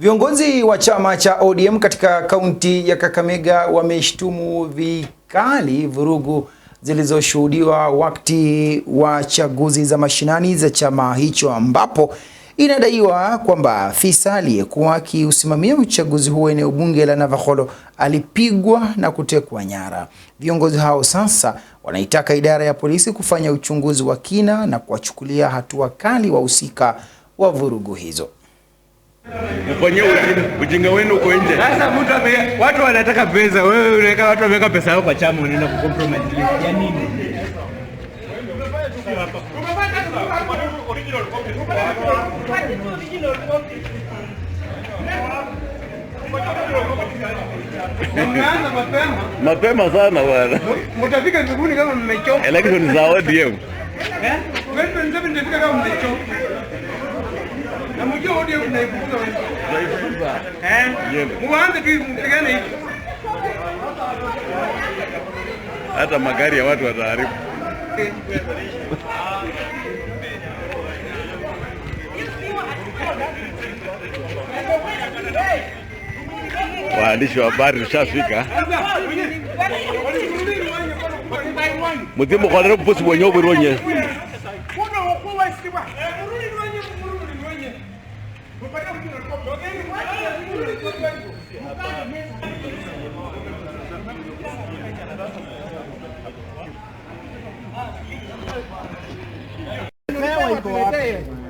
Viongozi wa chama cha ODM katika kaunti ya Kakamega wameshtumu vikali vurugu zilizoshuhudiwa wakati wa chaguzi za mashinani za chama hicho, ambapo inadaiwa kwamba afisa aliyekuwa akiusimamia uchaguzi huo eneo bunge la Navakholo alipigwa na kutekwa nyara. Viongozi hao sasa wanaitaka idara ya polisi kufanya uchunguzi wa kina na kuwachukulia hatua kali wahusika wa vurugu hizo. Kwenye ujinga wenu uko nje. Sasa mtu ame watu wanataka pesa, wewe unaweka watu wameweka pesa yao kwa chama unaenda ku compromise. Ya nini? Mapema sana bwana. Mtafika mbinguni kama mmechoka. Election za ODM. Eh? Wewe ndio mtafika kama mmechoka na mjue ODM tunaifukuza wenyewe eh, muanze tu mpigane hivi, hata magari ya watu wataharibu. Waandishi wa habari tushafika muthimbo kwanere bwenye obwirwe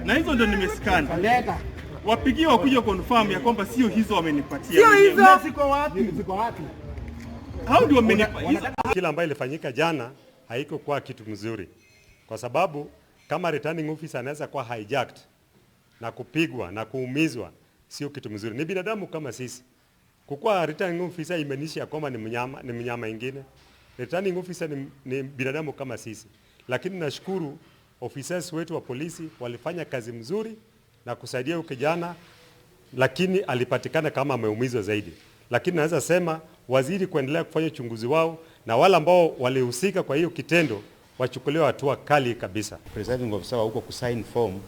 na hizo ndio nimesikana wapigie wakuja confirm ya kwamba sio hizo wamenipatia. Sio hizo. Ziko wapi? Ziko wapi? Hao ndio wamenipatia. Kila ambayo ilifanyika jana haiko kwa kitu mzuri, kwa sababu kama returning officer anaweza kuwa hijacked na kupigwa na kuumizwa sio kitu mzuri. Ni binadamu kama sisi. Kukua returning officer imenishi ya kwamba ni mnyama, ni mnyama ingine. Returning officer ni, ni binadamu kama sisi, lakini nashukuru officers wetu wa polisi walifanya kazi mzuri na kusaidia huyu kijana, lakini alipatikana kama ameumizwa zaidi. Lakini naweza sema waziri kuendelea kufanya uchunguzi wao na wale ambao walihusika kwa hiyo kitendo wachukuliwe hatua kali kabisa. Presiding officer huko kusign form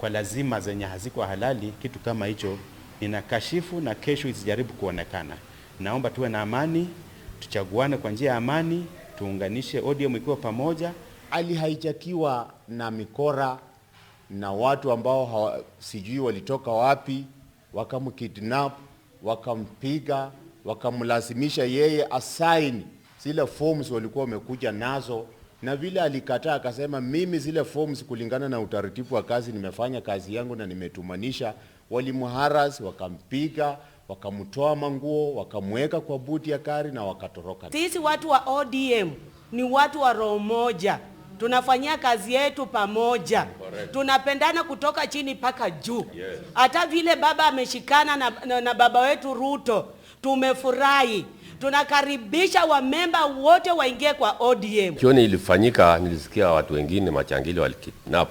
kwa lazima zenye haziko halali, kitu kama hicho inakashifu na kesho isijaribu kuonekana. Naomba tuwe na amani, tuchaguane kwa njia ya amani, tuunganishe ODM ikiwa pamoja. Hali haijakiwa na mikora na watu ambao hawa, sijui walitoka wapi, wakamkidnap, wakampiga, wakamlazimisha yeye asaini zile forms walikuwa wamekuja nazo na vile alikataa akasema, mimi zile forms kulingana na utaratibu wa kazi nimefanya kazi yangu na nimetumanisha. Walimharas, wakampiga, wakamtoa manguo, wakamweka kwa buti ya gari na wakatoroka. Sisi watu wa ODM ni watu wa roho moja, tunafanyia kazi yetu pamoja. Correct. Tunapendana kutoka chini mpaka juu. Hata yes. Vile baba ameshikana na, na, na baba wetu Ruto tumefurahi tunakaribisha wamemba wote waingie kwa ODM. Jioni ilifanyika, nilisikia watu wengine machangili walikidnap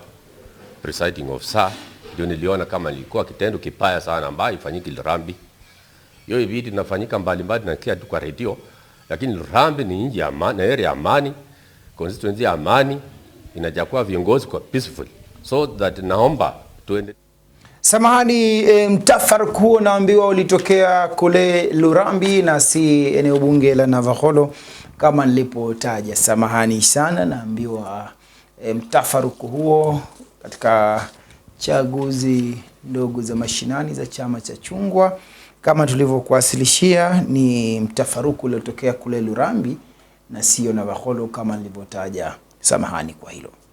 presiding officer, ndio niliona kama ilikuwa kitendo kipaya sana ambayo ifanyiki Lurambi. Hiyo ibidi inafanyika mbalimbali na kia tu kwa redio, lakini Lurambi ni nje ya amani, area ya amani, constituency ya amani, inajakuwa viongozi kwa peaceful, so that naomba tuende Samahani e, mtafaruku huo naambiwa ulitokea kule Lurambi na si eneo bunge la Navakholo kama nilipotaja. Samahani sana, naambiwa e, mtafaruku huo katika chaguzi ndogo za mashinani za chama cha chungwa kama tulivyokuwasilishia, ni mtafaruku uliotokea kule Lurambi na sio Navakholo kama nilivyotaja. Samahani kwa hilo.